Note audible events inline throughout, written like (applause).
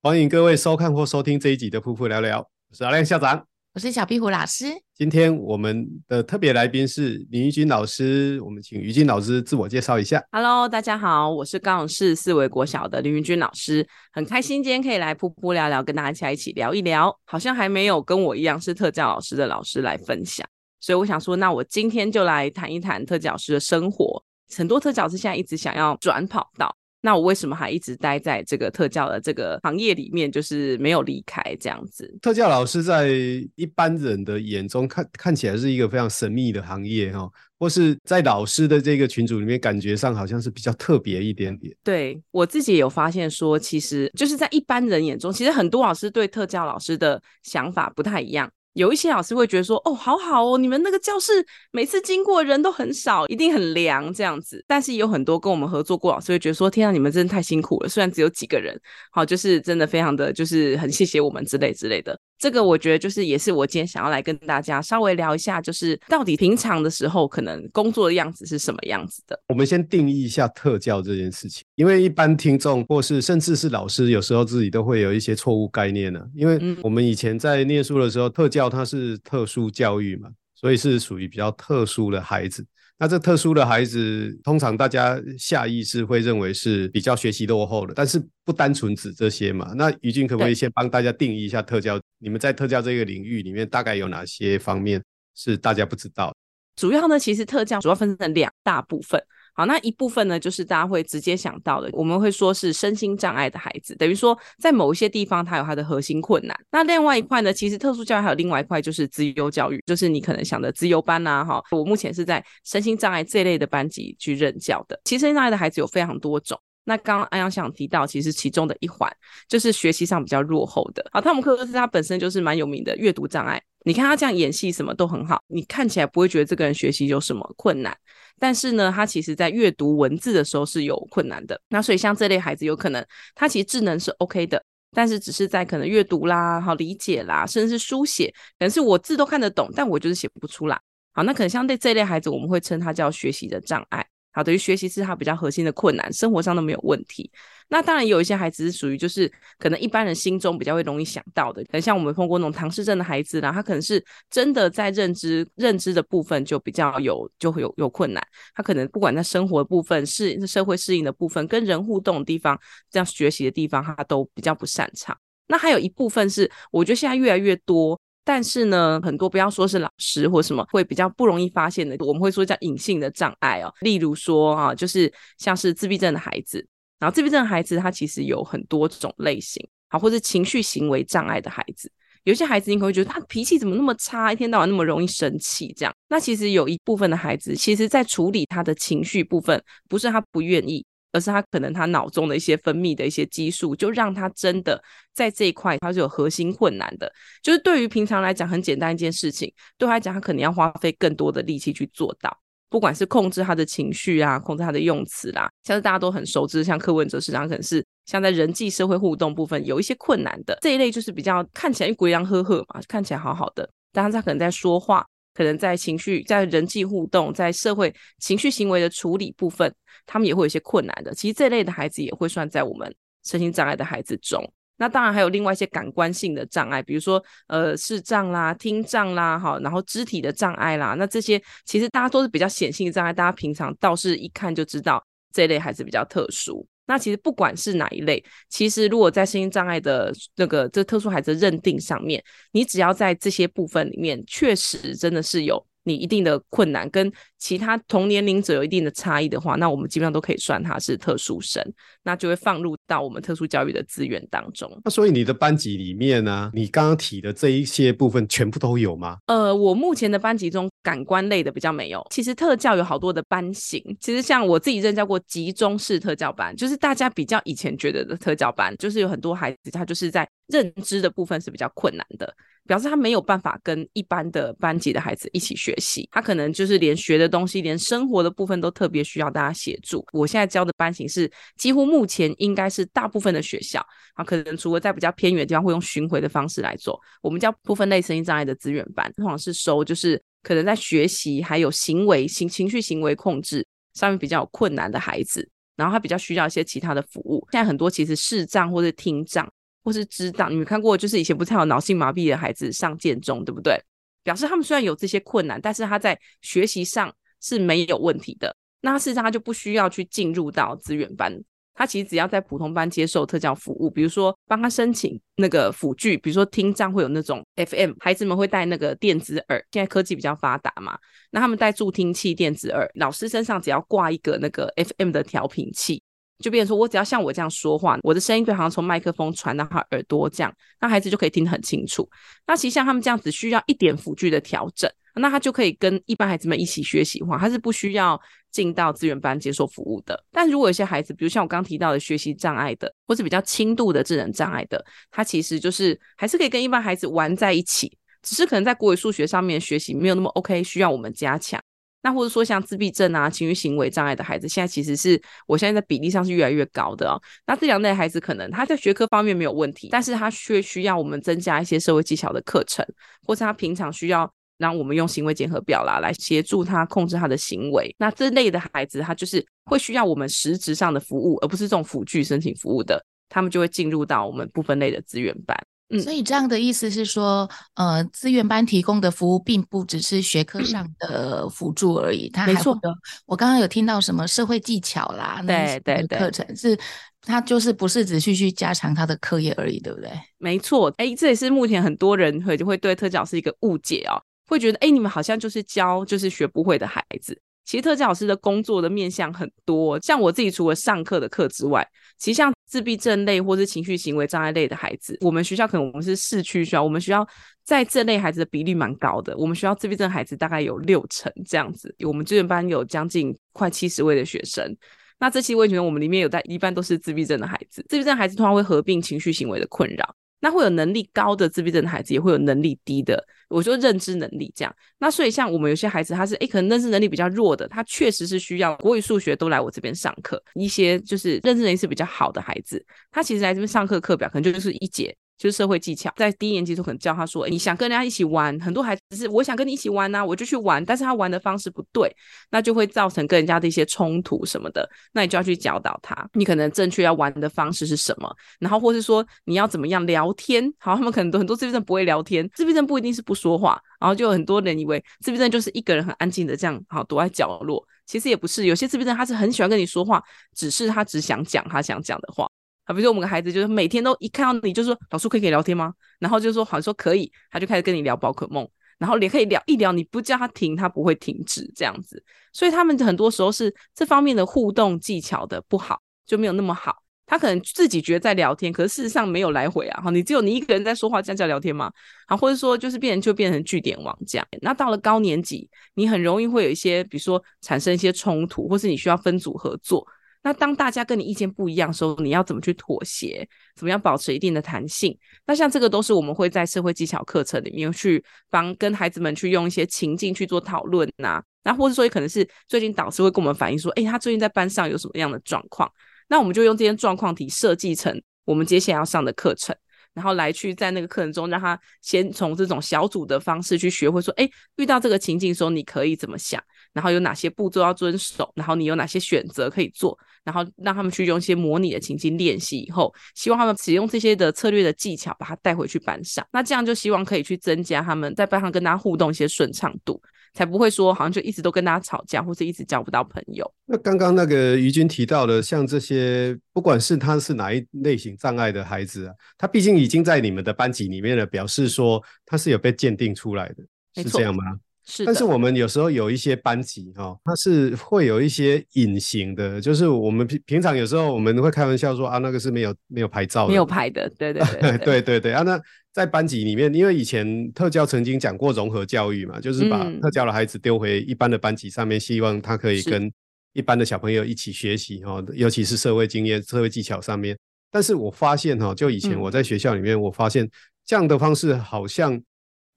歡迎各位收看或收聽這一集的《噗噗聊聊》，我是阿亮校長，我是小壁虎老師。今天我們的特別來賓是林俞君老師，我們請俞君老師自我介紹一下。Hello，大家好，我是高雄市四維國小的林俞君老師，很開心今天可以來噗噗聊聊，跟大家一起，一起聊一聊。好像還沒有跟我一樣是特教老師的老師來分享，所以我想說，那我今天就來談一談特教老師的生活。很多特教老師現在一直想要轉跑道。那我為什麼還一直待在這個特教的這個行業裡面，就是沒有離開這樣子？特教老師在一般人的眼中看看起來是一個非常神秘的行業哈、哦，或是在老師的這個群組裡面，感覺上好像是比較特別一點點。對，我自己也有發現說，其實就是在一般人眼中，其實很多老師對特教老師的想法不太一樣。有一些老師會覺得說，哦，好好哦，你們那個教室，每次經過人都很少，一定很涼這樣子。但是有很多跟我們合作過老師會覺得說，天啊，你們真的太辛苦了，雖然只有幾個人，好，就是真的非常的，就是很謝謝我們之類之類的。這個我覺得就是也是我今天想要來跟大家稍微聊一下，就是到底平常的時候可能工作的樣子是什麼樣子的。我們先定義一下特教這件事情，因為一般聽眾或是甚至是老師有時候自己都會有一些錯誤概念呢，啊，因為我們以前在念書的時候特教，教它是特殊教育嘛，所以是屬於比較特殊的孩子。那這特殊的孩子，通常大家下意識會認為是比較學習落後的，但是不單純指這些嘛。那俞君可不可以先幫大家定義一下特教？你們在特教這個領域裡面，大概有哪些方面是大家不知道？主要呢，其實特教主要分成兩大部分。好，那一部分呢，就是大家會直接想到的，我們會說是身心障礙的孩子，等於說在某一些地方他有他的核心困難。那另外一塊呢，其實特殊教育還有另外一塊就是資優教育，就是你可能想的資優班啊，哈、哦，我目前是在身心障礙這類的班級去任教的。其實，身心障礙的孩子有非常多種。那剛剛安陽想提到，其實其中的一環就是學習上比較落後的。好，湯姆·克魯斯他本身就是蠻有名的閱讀障礙。你看他這樣演戲，什麼都很好，你看起來不會覺得這個人學習有什麼困難。但是呢，他其實在閱讀文字的時候是有困難的。那所以像這類孩子，有可能他其實智能是 OK 的，但是只是在可能閱讀啦、好理解啦，甚至是書寫，可能是我字都看得懂，但我就是寫不出來。好，那可能相對這類孩子，我們會稱他叫學習的障礙。等於學習是他比較核心的困難，生活上都沒有問題。那當然有一些孩子是屬於就是可能一般人心中比較會容易想到的，等像我們碰過那種唐氏症的孩子啦，他可能是真的在認知認知的部分就比較有就會有有困難，他可能不管在生活的部分、是社會適應的部分、跟人互動的地方、這樣學習的地方，他都比較不擅長。那還有一部分是，我覺得現在越來越多。但是呢，很多不要說是老師或什麼，會比較不容易發現的，我們會說叫隱性的障礙哦。例如說啊，就是像是自閉症的孩子，然後自閉症的孩子他其實有很多種類型，啊，或者情緒行為障礙的孩子，有些孩子你可能會覺得他脾氣怎麼那麼差，一天到晚那麼容易生氣這樣，那其實有一部分的孩子其實在處理他的情緒部分，不是他不願意。而是他可能他腦中的一些分泌的一些激素，就讓他真的在這一塊，他是有核心困難的。就是對於平常來講很簡單一件事情，對他來講他可能要花費更多的力氣去做到。不管是控制他的情緒啊，控制他的用詞啦、啊，像是大家都很熟知像柯文哲市長，可能是像在人際社會互動部分有一些困難的這一類，就是比較看起來一鬼樣呵呵嘛，看起來好好的，但他是他可能在說話。可能在情緒、在人際互動、在社會情緒行為的處理部分，他們也會有一些困難的。其實這類的孩子也會算在我們身心障礙的孩子中。那當然還有另外一些感官性的障礙，比如說，呃，視障啦、聽障啦，哈，然後肢體的障礙啦。那這些其實大家都是比較顯性的障礙，大家平常倒是一看就知道這類孩子比較特殊。那其實不管是哪一類，其實如果在身心障礙的那個這特殊孩子的認定上面，你只要在這些部分裡面，確實真的是有你一定的困難跟其他同年齡者有一定的差異的話，那我們基本上都可以算他是特殊生，那就會放入到我們特殊教育的資源當中。那所以你的班級裡面呢、啊，你剛剛提的這一些部分全部都有嗎？呃，我目前的班級中感官類的比較沒有。其實特教有好多的班型，其實像我自己任教過集中式特教班，就是大家比較以前覺得的特教班，就是有很多孩子他就是在。認知的部分是比較困難的，表示他沒有辦法跟一般的班級的孩子一起學習，他可能就是連學的東西，連生活的部分都特別需要大家協助。我現在教的班型是，幾乎目前應該是大部分的學校啊，可能除了在比較偏遠的地方會用巡回的方式來做，我們叫部分類身心障礙的資源班，通常是收就是可能在學習還有行為、情情緒、行為控制上面比較有困難的孩子，然後他比較需要一些其他的服務。現在很多其實視障或者聽障。或是知道，你有看過？就是以前不太好腦性麻痹的孩子上建中，對不對？表示他們雖然有這些困難，但是他在學習上是沒有問題的。那事實上他就不需要去進入到資源班，他其實只要在普通班接受特教服務，比如說幫他申請那個輔具，比如說聽障會有那種 FM，孩子們會帶那個電子耳。現在科技比較發達嘛，那他們帶助聽器、電子耳，老師身上只要掛一個那個 FM 的調頻器。就變成說，我只要像我這樣說話，我的聲音就好像從麥克風傳到他耳朵這樣，那孩子就可以聽得很清楚。那其實像他們這樣，只需要一點輔具的調整，那他就可以跟一般孩子們一起學習的話，他是不需要進到資源班接受服務的。但如果有些孩子，比如像我剛提到的學習障礙的，或是比較輕度的智能障礙的，他其實就是還是可以跟一般孩子玩在一起，只是可能在國語、數學上面學習沒有那麼 OK，需要我們加強。那或者說像自閉症啊、情緒行為障礙的孩子，現在其實是我現在在比例上是越來越高的哦。那這兩類孩子，可能他在學科方面沒有問題，但是他卻需要我們增加一些社會技巧的課程，或是他平常需要讓我們用行為檢核表啦來協助他控制他的行為。那這類的孩子，他就是會需要我們實質上的服務，而不是這種輔具申請服務的，他們就會進入到我們不分類的資源班。嗯、所以這樣的意思是說，呃，資源班提供的服務並不只是學科上的輔助而已，他還會有，沒錯，我剛剛有聽到什麼社會技巧啦，那對對對，課程是，他就是不是只是去加強他的課業而已，對不對？沒錯，誒、欸，這也是目前很多人會就會對特教老師一個誤解哦，會覺得誒、欸，你們好像就是教就是學不會的孩子，其實特教老師的工作的面向很多，像我自己除了上課的課之外，其實像。自閉症類或是情緒行為障礙類的孩子，我們學校可能我們是市區學校，我們學校在這類孩子的比例蠻高的。我們學校自閉症孩子大概有六成這樣子，我們資源班有將近快七十位的學生，那這七十位學生我們裡面有帶，一半都是自閉症的孩子。自閉症孩子通常會合併情緒行為的困擾。那會有能力高的自閉症的孩子，也會有能力低的，我說認知能力這樣。那所以像我們有些孩子，他是誒，可能認知能力比較弱的，他確實是需要國語、數學都來我這邊上課。一些就是認知能力是比較好的孩子，他其實來這邊上課，課表可能就是一節。就是社會技巧，在低年級時候可能教他說，欸，你想跟人家一起玩，很多孩子是我想跟你一起玩吶，啊，我就去玩，但是他玩的方式不對，那就會造成跟人家的一些衝突什麼的，那你就要去教導他，你可能正確要玩的方式是什麼，然後或是說你要怎麼樣聊天，好，他們可能很多自閉症不會聊天，自閉症不一定是不說話，然後就有很多人以為自閉症就是一個人很安靜的這樣，好，躲在角落，其實也不是，有些自閉症他是很喜歡跟你說話，只是他只想講他想講的話。啊，比如說我們個孩子就是每天都一看到你，就說老師可以，可以聊天嗎？然後就說好，說可以，他就開始跟你聊寶可夢，然後也可以聊一聊，你不叫他停，他不會停止這樣子。所以他們很多時候是這方面的互動技巧的不好，就沒有那麼好。他可能自己覺得在聊天，可是事實上沒有來回啊。你只有你一個人在說話，這樣叫聊天嗎？啊，或者說就是變就變成句點王這樣。那到了高年級，你很容易會有一些，比如說產生一些衝突，或是你需要分組合作。那當大家跟你意見不一樣的時候，你要怎麼去妥協？怎麼樣保持一定的彈性？那像這個都是我們會在社會技巧課程裡面去幫跟孩子們去用一些情境去做討論啊，那或者說也可能是最近導師會跟我們反映說，哎、欸，他最近在班上有什麼樣的狀況？那我們就用這些狀況題設計成我們接下來要上的課程，然後來去在那個課程中讓他先從這種小組的方式去學會說，哎、欸，遇到這個情境的時候你可以怎麼想？然後有哪些步驟要遵守？然後你有哪些選擇可以做？然後讓他們去用一些模擬的情景練習，以後希望他們使用這些的策略的技巧，把它帶回去班上。那這樣就希望可以去增加他們在班上跟大家互動一些順暢度，才不會說好像就一直都跟大家吵架，或者一直交不到朋友。那剛剛那個俞君提到的，像這些不管是他是哪一類型障礙的孩子啊，他畢竟已經在你們的班級裡面了，表示說他是有被鑑定出來的，是這樣嗎？是，但是我們有時候有一些班級哈、哦，它是會有一些隱形的，就是我們平平常有時候我們會開玩笑說啊，那個是沒有沒有拍照的，沒有拍的，對對對對對 (laughs) 對，對，對啊，那在班級裡面，因為以前特教曾經講過融合教育嘛，就是把特教的孩子丟回一般的班級上面，嗯、希望他可以跟一般的小朋友一起學習哈，尤其是社會經驗、社會技巧上面。但是我發現哈、哦，就以前我在學校裡面，嗯、我發現這樣的方式好像。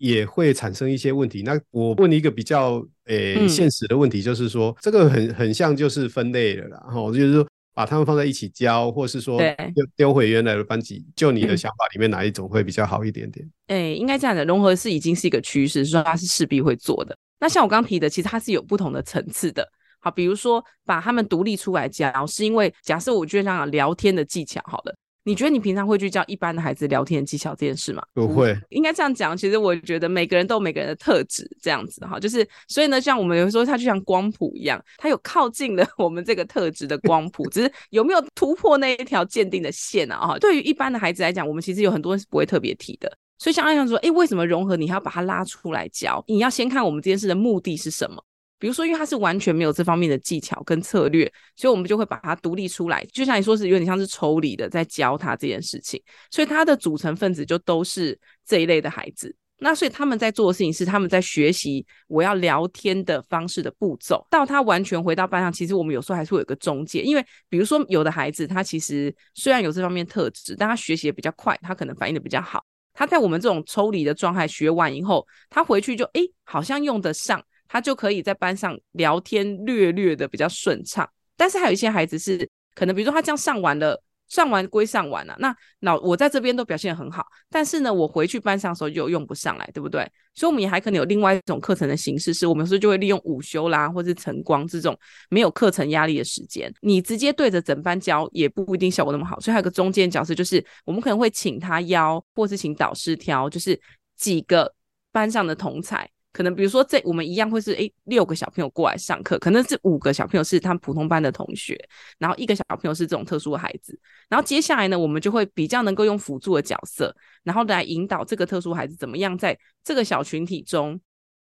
也會產生一些問題。那我問一個比較誒、欸嗯、現實的問題，就是說，這個很很像就是分類了啦，然後就是說把他們放在一起教，或是說丟丟回原來的班級，就你的想法裡面哪一種會比較好一點點？誒、嗯、欸，應該這樣的融合是已經是一個趨勢，所以它是勢必會做的。那像我剛提的，其實它是有不同的層次的。好，比如說把他們獨立出來教，然後是因為假設我就像聊天的技巧，好了。你覺得你平常會去教一般的孩子聊天技巧這件事嗎？不會，應該這樣講。其實我覺得每個人都有每個人的特質這樣子的哈，就是所以呢，像我們有時候，它就像光譜一樣，它有靠近了我們這個特質的光譜， (laughs) 只是有沒有突破那一條鑑定的線啊？哈、哦，對於一般的孩子來講，我們其實有很多人是不會特別提的。所以像阿陽說，誒，為什麼融合你還要把它拉出來教？你要先看我們這件事的目的是什麼。比如說，因為他是完全沒有這方面的技巧跟策略，所以我們就會把他獨立出來，就像你說是有點像是抽離的在教他這件事情。所以他的組成分子就都是這一類的孩子。那所以他們在做的事情是他們在學習我要聊天的方式的步驟。到他完全回到班上，其實我們有時候還是會有個中介，因為比如說有的孩子他其實雖然有這方面特質，但他學習的比較快，他可能反應的比較好。他在我們這種抽離的狀態學完以後，他回去就誒好像用得上。他就可以在班上聊天，略略的比較順暢。但是還有一些孩子是可能，比如說他這樣上完了，上完歸上完了、啊。那老我在這邊都表現得很好，但是呢，我回去班上的時候就用不上來，對不對？所以我們也還可能有另外一種課程的形式是，是我們有時候就會利用午休啦，或者是晨光這種沒有課程壓力的時間，你直接對着整班教也不一定效果那麼好。所以還有個中間角色就是，我們可能會請他邀，或是請導師挑，就是幾個班上的同儕。可能比如說，這我們一樣會是，誒，六個小朋友過來上課，可能是五個小朋友是他們普通班的同學，然後一個小朋友是這種特殊的孩子，然後接下來呢，我們就會比較能夠用輔助的角色，然後來引導這個特殊孩子怎麼樣在這個小群體中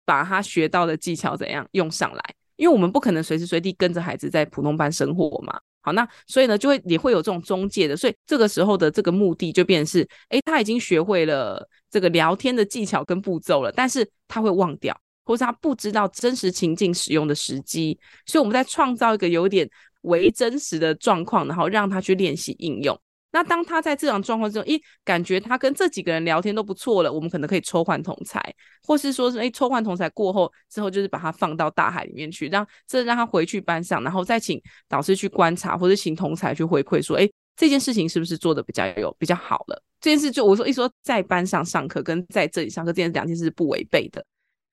把他學到的技巧怎樣用上來，因為我們不可能隨時隨地跟着孩子在普通班生活嘛。好，那所以呢，就會也會有這種中介的，所以這個時候的這個目的就變成是，誒，他已經學會了。這個聊天的技巧跟步驟了，但是他會忘掉，或是他不知道真實情境使用的時機，所以我們在創造一個有點偽真實的狀況，然後讓他去練習應用。那當他在這種狀況之中，誒，感覺他跟這幾個人聊天都不錯了，我們可能可以抽換同儕，或是說是，誒，抽換同儕過後之後，就是把他放到大海裡面去，讓這讓他回去班上，然後再請導師去觀察，或是請同儕去回饋說，誒。這件事情是不是做的比較有比較好了？這件事就我說一說，在班上上課跟在這裡上課，這件事兩件事是不違背的。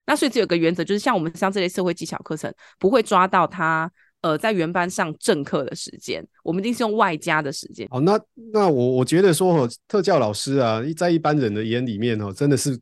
那所以這有個原則，就是像我們上這類社會技巧課程，不會抓到他呃在原班上正課的時間，我們一定是用外加的時間。哦，那那我我覺得說，哦，特教老師啊，在一般人的眼裡面哦，真的是，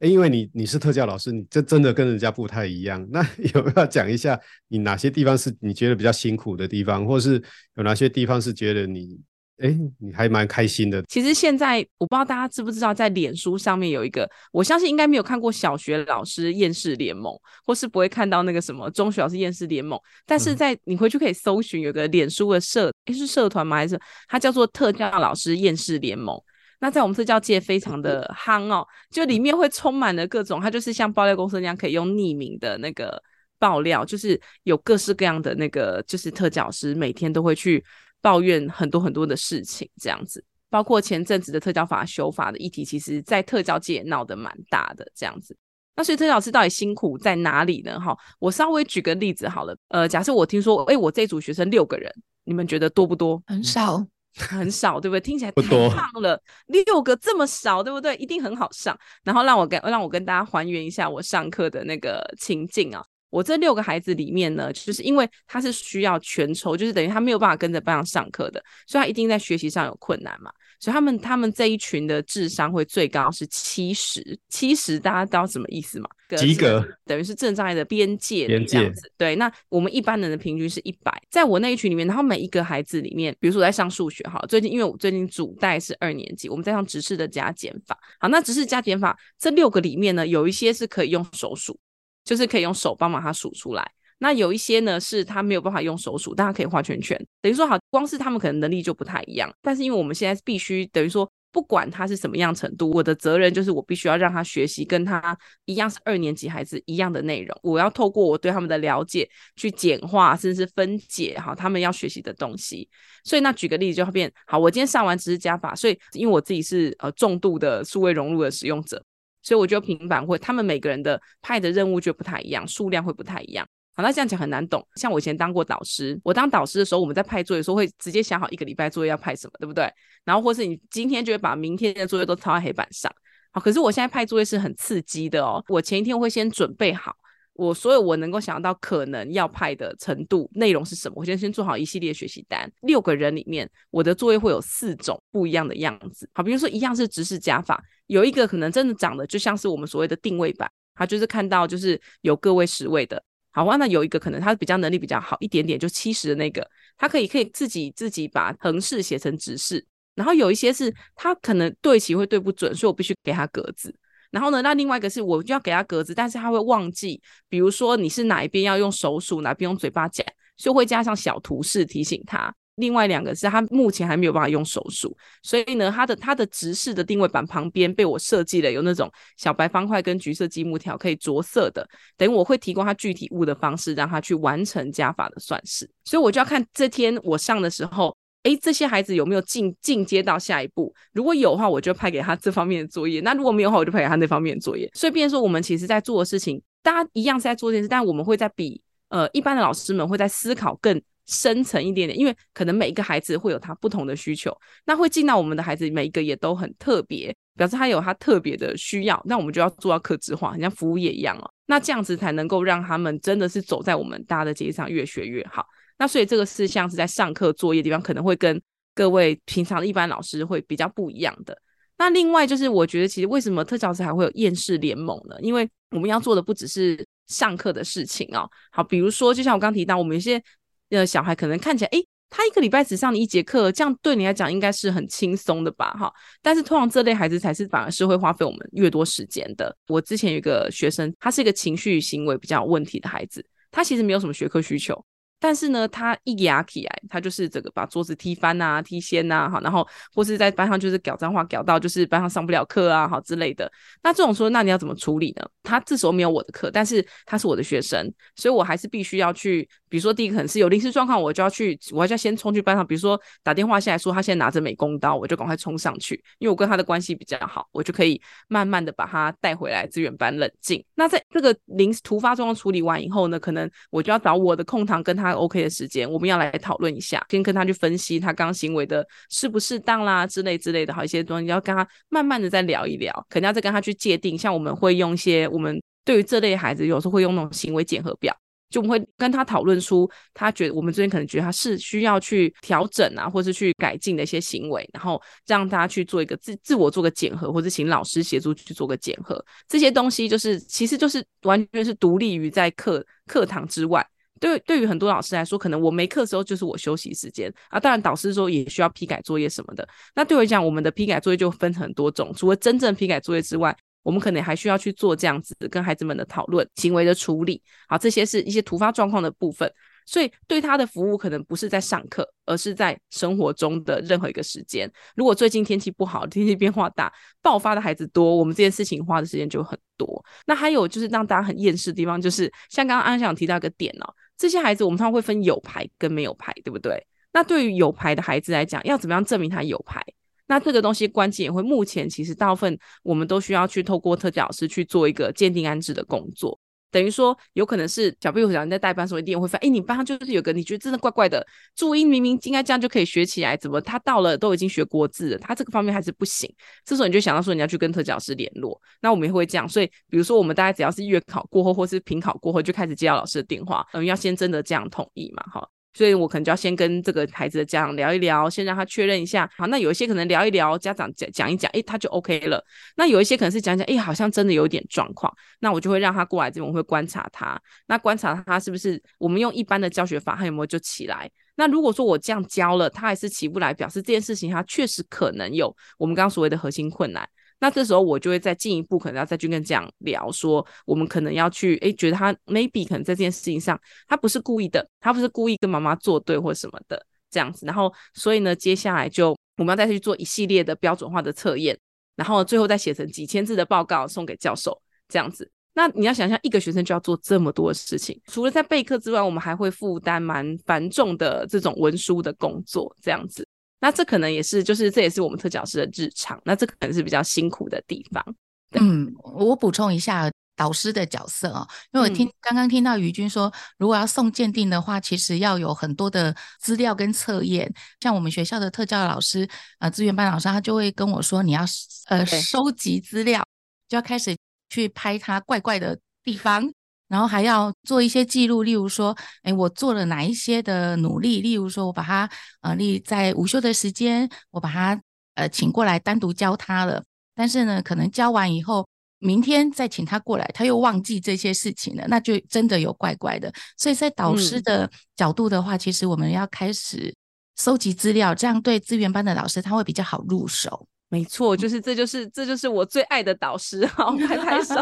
因為你你是特教老師，你這真的跟人家不太一樣。那有沒有講一下你哪些地方是你覺得比較辛苦的地方，或是有哪些地方是覺得你？哎，你還蠻開心的。其實現在我不知道大家知不知道，在臉書上面有一個，我相信應該沒有看過小學老師厭世聯盟，或是不會看到那個什麼中學老師厭世聯盟。但是在你回去可以搜尋，有個臉書的社，哎、嗯，是社團嗎？還是它叫做特教老師厭世聯盟？那在我們特教界非常的夯哦，就裡面會充滿了各種，它就是像爆料公司那樣可以用匿名的那個爆料，就是有各式各樣的那個，就是特教師每天都會去。抱怨很多很多的事情，這樣子，包括前陣子的特教法修法的議題，其實，在特教界也鬧得蠻大的，這樣子。那所以特教老師到底辛苦在哪裡呢？哈，我稍微舉個例子好了。呃，假設我聽說，哎、欸，我這組學生六個人，你們覺得多不多？很少， (laughs) 很少，對不對？聽起來太胖了，六個這麼少，對不對？一定很好上。然後讓我跟讓我跟大家還原一下我上課的那個情境啊。我這六個孩子裡面呢，就是因為他是需要全抽，就是等於他沒有辦法跟着班上上課的，所以他一定在學習上有困難嘛。所以他們他們這一群的智商會最高是七十，七十大家知道什麼意思嗎？及格，等於是正常的邊界，邊界。對，那我們一般人的平均是一百，在我那一群裡面，然後每一個孩子裡面，比如說我在上數學哈，最近因為我最近主帶是二年級，我們在上直式的加減法。好，那直式加減法，這六個裡面呢，有一些是可以用手數。就是可以用手幫忙他數出來，那有一些呢，是他沒有辦法用手數，但他可以畫圈圈。等於說好，光是他們可能能力就不太一樣，但是因為我們現在必須等於說，不管他是什麼樣程度，我的責任就是我必須要讓他學習跟他一樣是二年級孩子一樣的內容。我要透過我對他們的了解去簡化，甚至是分解哈，他們要學習的東西。所以那舉個例子就會變，好，我今天上完直式加法，所以因為我自己是呃重度的數位融入的使用者。所以我覺得平板會，他們每個人的派的任務就不太一樣，數量會不太一樣。好，那這樣講很難懂。像我以前當過導師，我當導師的時候，我們在派作業的時候會直接想好一個禮拜作業要派什麼，對不對？然後或是你今天就會把明天的作業都抄在黑板上。好，可是我現在派作業是很刺激的哦，我前一天會先準備好。我所有我能夠想到可能要派的程度內容是什麼？我先先做好一系列學習單。六個人裡面，我的作業會有四種不一樣的樣子。好，比如說一樣是直式加法，有一個可能真的長得就像是我們所謂的定位板，他就是看到就是有個位十位的。好哇，那有一個可能他比較能力比較好一點點，就七十的那個，他可以可以自己自己把橫式寫成直式。然後有一些是他可能對齊會對不準，所以我必須給他格子。然後呢，那另外一個是我就要給他格子，但是他會忘記，比如說你是哪一邊要用手數，哪邊用嘴巴講，就會加上小圖示提醒他。另外兩個是他目前還沒有辦法用手數，所以呢，他的他的直視的定位板旁邊被我設計了有那種小白方塊跟橘色積木條可以着色的，等於我會提供他具體物的方式讓他去完成加法的算式。所以我就要看這天我上的時候。哎，這些孩子有沒有進進階到下一步？如果有的話，我就派給他這方面的作業；那如果沒有的話，我就派給他那方面的作業。所以，變成說我們其實在做的事情，大家一樣是在做一件事，但我們會在比呃一般的老師們會在思考更深層一點點，因為可能每一個孩子會有他不同的需求，那會進到我們的孩子每一個也都很特別，表示他有他特別的需要，那我們就要做到客製化，很像服務業一樣哦、啊。那這樣子才能夠讓他們真的是走在我們大家的街上越學越好。那所以這個事項是在上課作業的地方，可能會跟各位平常的一般的老師會比較不一樣的。那另外就是我覺得其實為什麼特教師還會有厭世聯盟呢？因為我們要做的不只是上課的事情哦。好，比如說就像我剛提到，我們一些呃小孩可能看起來，誒，他一個禮拜只上你一節課，這樣對你來講應該是很輕鬆的吧？哈、哦，但是通常這類孩子才是反而是會花費我們越多時間的。我之前有一個學生，他是一個情緒行為比較有問題的孩子，他其實沒有什麼學科需求。但是呢，他一牙起來，他就是這個把桌子踢翻啊、踢掀啊，哈，然後或是在班上就是搞髒話，搞到就是班上上不了課啊，好之類的。那這種時候，那你要怎麼處理呢？他這時候沒有我的課，但是他是我的學生，所以我還是必須要去。比如說，第一個可能是有臨時狀況，我就要去，我就要先衝去班上。比如說打電話下來說他現在拿着美工刀，我就趕快衝上去，因為我跟他的關係比較好，我就可以慢慢的把他帶回來資源班冷靜。那在這個臨時突發狀況處理完以後呢，可能我就要找我的空堂跟他。OK 的時間，我們要來討論一下，先跟他去分析他剛行為的適不適當啦，之類之類的好一些東西，你要跟他慢慢的再聊一聊，可能要再跟他去界定。像我們會用一些，我們對於這類孩子，有時候會用那種行為檢核表，就我們會跟他討論出他覺得我們這邊可能覺得他是需要去調整啊，或是去改進的一些行為，然後讓他去做一個自自我做個檢核，或者請老師協助去做個檢核。這些東西就是，其實就是完全是獨立於在課課堂之外。對，對於很多老師來說，可能我沒課的時候就是我休息時間啊。當然，導師說也需要批改作業什麼的。那對我講，我們的批改作業就分很多種，除了真正批改作業之外，我們可能還需要去做這樣子跟孩子們的討論、行為的處理。好，這些是一些突發狀況的部分。所以，對他的服務可能不是在上課，而是在生活中的任何一個時間。如果最近天氣不好，天氣變化大，爆發的孩子多，我們這件事情花的時間就很多。那還有就是讓大家很厭世的地方，就是像剛剛安想提到一個點哦。這些孩子，我們通常會分有牌跟沒有牌，對不對？那對於有牌的孩子來講，要怎麼樣證明他有牌？那這個東西關鍵也會，目前其實大部分我們都需要去透過特教老師去做一個鑑定安置的工作。等於說，有可能是，小朋友講你在帶班時候，一定會發現，哎，你班上就是有個你覺得真的怪怪的，注音明明應該這樣就可以學起來，怎麼他到了都已經學國字了，他這個方面還是不行。這時候你就想到說，你要去跟特教師聯絡。那我們也會這樣，所以比如說我們大家只要是月考過後，或是評考過後，就開始接到老師的電話，我們、嗯、要先真的這樣統一嘛，好。所以我可能就要先跟這個孩子的家長聊一聊，先讓他確認一下。好，那有一些可能聊一聊，家長講講一講，誒、欸，他就 OK 了。那有一些可能是講一講，誒、欸，好像真的有點狀況。那我就會讓他過來這邊，我會觀察他。那觀察他是不是我們用一般的教學法，他有沒有就起來。那如果說我這樣教了，他還是起不來，表示這件事情他確實可能有我們剛剛所謂的核心困難。那這時候我就會再進一步，可能要再去跟這樣聊，說我們可能要去，誒，覺得他 maybe 可能在這件事情上他不是故意的，他不是故意跟媽媽作對或什麼的這樣子。然後所以呢，接下來就我們要再去做一系列的標準化的測驗，然後最後再寫成幾千字的報告送給教授這樣子。那你要想象一個學生就要做這麼多的事情，除了在備課之外，我們還會負擔蠻繁重的這種文書的工作這樣子。那這可能也是，就是這也是我們特教師的日常。那這可能是比較辛苦的地方。嗯，我補充一下導師的角色啊、哦，因為我聽、嗯、剛剛聽到俞君說，如果要送鑒定的話，其實要有很多的資料跟測驗。像我們學校的特教老師啊、呃，資源班老師，他就會跟我說，你要呃收集資料，就要開始去拍他怪怪的地方。 (laughs) 然後還要做一些記錄，例如說，哎，我做了哪一些的努力？例如說，我把他呃例在午休的時間，我把他呃請過來單獨教他了。但是呢，可能教完以後，明天再請他過來，他又忘記這些事情了，那就真的有怪怪的。所以在導師的角度的話，嗯、其實我們要開始收集資料，這樣對資源班的老師他會比較好入手。沒錯，就是這就是這就是我最愛的導師哈，拍拍手。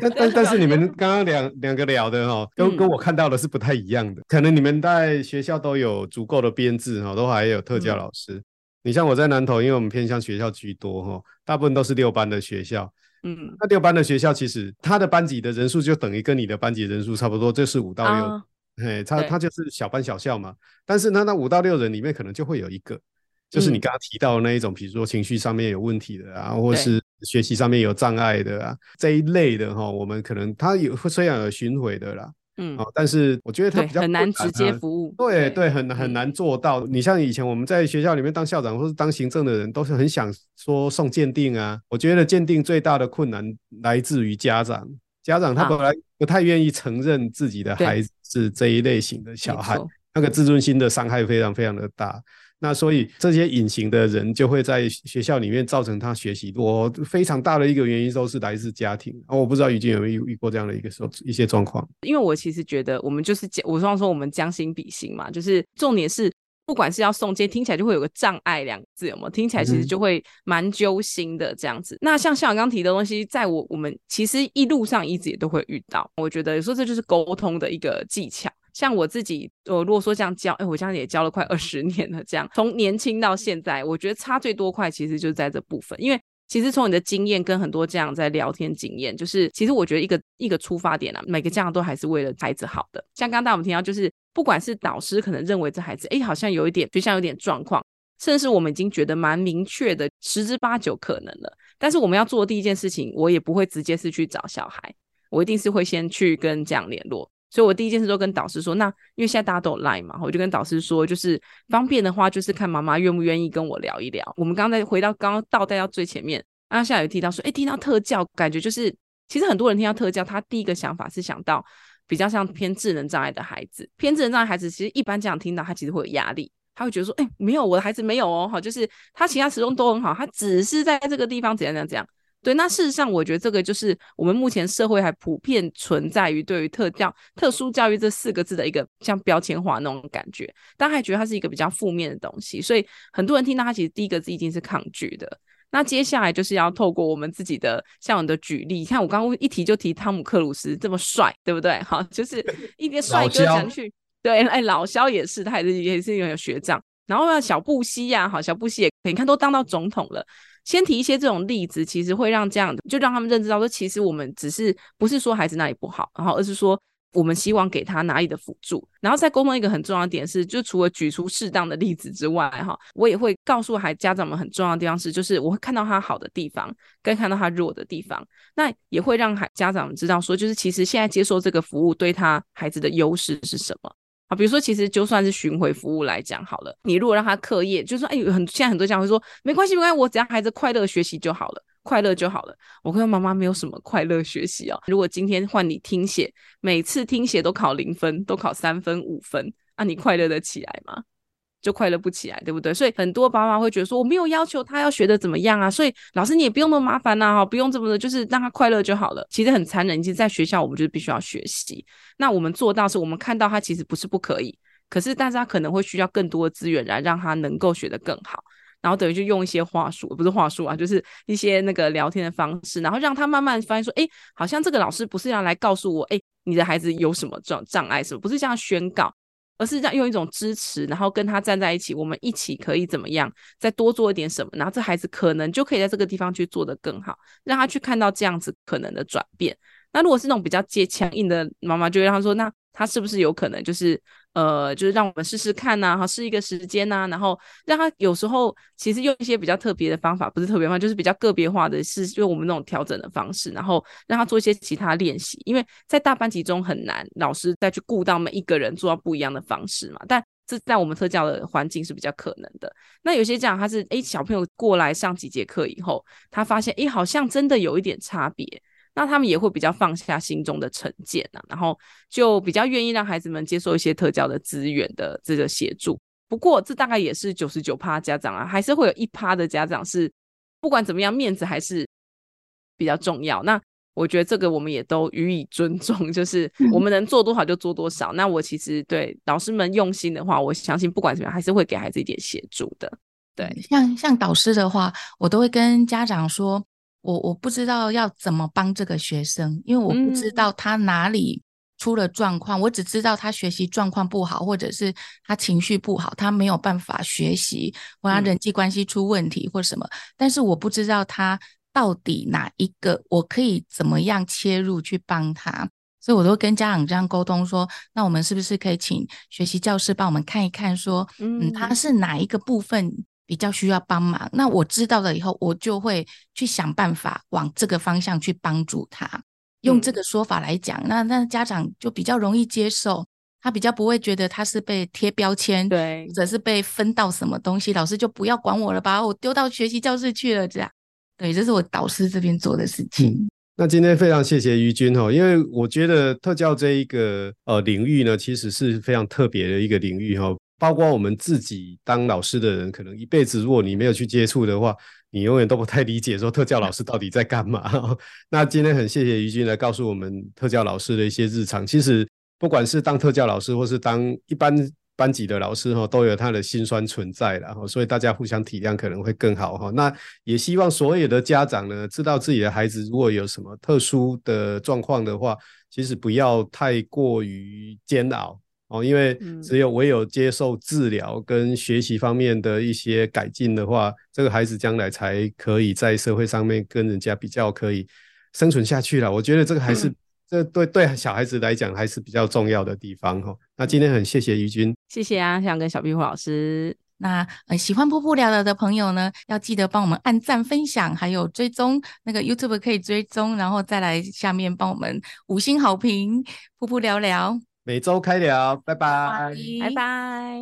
但但但是你們剛剛兩兩個聊的哈，跟跟我看到的是不太一樣的。可能你們在學校都有足夠的編制哈，都還有特教老師。你像我在南投，因為我們偏向學校居多哈，大部分都是六班的學校。嗯，那六班的學校其實他的班級的人數就等於跟你的班級的人數差不多，就是五到六。嘿，他他就是小班小校嘛。但是呢，那五到六人裡面可能就會有一個。就是你剛剛提到的那一種，比如說情緒上面有問題的啊，或是學習上面有障礙的啊，這一類的哈、哦，我們可能他有雖然有巡回的啦，嗯，啊、哦，但是我覺得他比較難、啊、很難直接服務，對對，對，對，很很難做到、嗯。你像以前我們在學校裡面當校長或是當行政的人，都是很想說送鑑定啊。我覺得鑑定最大的困難來自於家長，家長他本來、啊、不太願意承認自己的孩子是這一類型的小孩。那個自尊心的傷害非常非常的大，那所以這些隱形的人就會在學校裡面造成他學習多非常大的一個原因，都是來自家庭。啊，我不知道俞君有沒有遇過這樣的一個時候，一些狀況。因為我其實覺得我們就是我剛剛說我們將心比心嘛，就是重點是不管是要送，接，聽起來就會有個障礙兩個字，有沒有？聽起來其實就會蠻揪心的這樣子。嗯、那像校長剛,剛提的東西，在我我們其實一路上一直也都會遇到。我覺得有時候這就是溝通的一個技巧。像我自己，我如果說這樣教，誒，我這樣也教了快二十年了。這樣從年輕到現在，我覺得差最多快其實就在這部分，因為其實從你的經驗跟很多家長在聊天經驗，就是其實我覺得一個一個出發點啊，每個家長都還是為了孩子好的。像剛才我們提到，就是不管是導師可能認為這孩子，誒，好像有一點學校有點狀況，甚至我們已經覺得蠻明確的，十之八九可能了。但是我們要做的第一件事情，我也不會直接是去找小孩，我一定是會先去跟家長聯絡。所以，我第一件事都跟導師說，那因為現在大家都 LINE 嘛，我就跟導師說，就是方便的話，就是看媽媽願不願意跟我聊一聊。我們剛才回到剛剛倒帶到最前面，現在有提到說，誒、欸、聽到特教，感覺就是其實很多人聽到特教，他第一個想法是想到比較像偏智能障礙的孩子，偏智能障礙孩子其實一般這樣聽到他其實會有壓力，他會覺得說，哎、欸，沒有我的孩子沒有哦，好，就是他其他始終都很好，他只是在這個地方怎樣怎樣怎樣。對，那事實上，我覺得這個就是我們目前社會還普遍存在於對於特教、特殊教育這四個字的一個像標籤化那種感覺，大家還覺得它是一個比較負面的東西，所以很多人聽到它，其實第一個字已經是抗拒的。那接下來就是要透過我們自己的像我們的舉例，你看我剛剛一提就提湯姆克魯斯這麼帥，對不對？哈，就是一些帥哥想去。對，哎，老蕭也是，他也是也是有學長，然後小布希呀、啊，好，小布希也可以，你看都當到總統了。先提一些這種例子，其實會讓這樣就讓他們認知到說，其實我們只是不是說孩子哪裡不好，然後而是說我們希望給他哪裡的輔助。然後再溝通一個很重要的點是，就除了舉出適當的例子之外，哈，我也會告訴孩家長們很重要的地方是，就是我會看到他好的地方，該看到他弱的地方，那也會讓孩家長們知道說，就是其實現在接受這個服務對他孩子的優勢是什麼。比如說，其實就算是巡迴服務來講好了，你如果讓他課業，就是說，哎，有很現在很多家長會說，沒關係，沒關係，我只要孩子快樂學習就好了，快樂就好了。我跟媽媽沒有什麼快樂學習啊。如果今天換你聽寫，每次聽寫都考零分，都考三分五分，那你快樂得起來嗎？就快樂不起來，對不對？所以很多爸媽會覺得說，我沒有要求他要學的怎麼樣啊，所以老師你也不用那麼麻煩吶，哈，不用這麼的，就是讓他快樂就好了。其實很殘忍，因為在學校我們就是必須要學習。那我們做到的是我們看到他其實不是不可以，可是大家可能會需要更多的資源來讓他能夠學得更好。然後等於就用一些話術，不是話術啊，就是一些那個聊天的方式，然後讓他慢慢發現說，哎，好像這個老師不是要來告訴我，哎，你的孩子有什麼障障礙什麼，不是這樣宣告。而是讓用一種支持，然後跟他站在一起，我們一起可以怎麼樣，再多做一點什麼，然後這孩子可能就可以在這個地方去做得更好，讓他去看到這樣子可能的轉變。那如果是那種比較接強硬的媽媽，就會讓他說，那他是不是有可能就是。呃，就是讓我們試試看吶，哈，試一個時間吶，然後讓他有時候其實用一些比較特別的方法，不是特別方法，就是比較個別化的是，用我們那種調整的方式，然後讓他做一些其他練習，因為在大班級中很難老師再去顧到每一個人做到不一樣的方式嘛，但這在我們特教的環境是比較可能的。那有些家長他是，哎，小朋友過來上幾節課以後，他發現，哎，好像真的有一點差別。那他們也會比較放下心中的成見呢，啊，然後就比較願意讓孩子們接受一些特教的資源的這個協助。不過這大概也是九十九趴家長啊，還是會有一趴的家長是不管怎麼樣面子還是比較重要。那我覺得這個我們也都予以尊重，就是我們能做多少就做多少。嗯、那我其實對老師們用心的話，我相信不管怎麼樣還是會給孩子一點協助的。對，像像導師的話，我都會跟家長說。我我不知道要怎麼幫這個學生，因為我不知道他哪裡出了狀況、嗯。我只知道他學習狀況不好，或者是他情緒不好，他沒有辦法學習，或他人際關係出問題，或什麼、嗯。但是我不知道他到底哪一個，我可以怎麼樣切入去幫他。所以我都跟家長這樣溝通說，那我們是不是可以請學習教師幫我們看一看說，說、嗯，嗯，他是哪一個部分？比較需要幫忙，那我知道了以後，我就會去想辦法往這個方向去幫助他。用這個說法來講，嗯，那那家長就比較容易接受，他比較不會覺得他是被貼標籤，對，或者是被分到什麼東西。老師就不要管我了吧，我丟到學習教室去了，這樣。對，這是我導師這邊做的事情。那今天非常謝謝俞君哦，因為我覺得特教這一個呃領域呢，其實是非常特別的一個領域哦。包括我們自己當老師的人，可能一輩子，如果你沒有去接觸的話，你永遠都不太理解說特教老師到底在幹嘛。嗯、 (laughs) 那今天很謝謝俞君來告訴我們特教老師的一些日常。其實不管是當特教老師，或是當一般班級的老師哈，哦，都有他的辛酸存在，然後哈，所以大家互相體諒可能會更好哈。那也希望所有的家長呢，知道自己的孩子如果有什麼特殊的狀況的話，其實不要太過於煎熬。哦，因為只有我有接受治療跟學習方面的一些改進的話、嗯，這個孩子將來才可以在社會上面跟人家比較可以生存下去了。我覺得這個還是、嗯、這對對小孩子來講還是比較重要的地方哈、哦嗯。那今天很謝謝俞君，謝謝啊，想跟小壁虎老師。那、呃、喜歡噗噗聊聊的朋友呢，要記得幫我們按讚、分享，還有追蹤那個 YouTube 可以追蹤，然後再來下面幫我們五星好評，噗噗聊聊。每週開聊，拜拜，拜拜。拜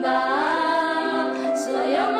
拜。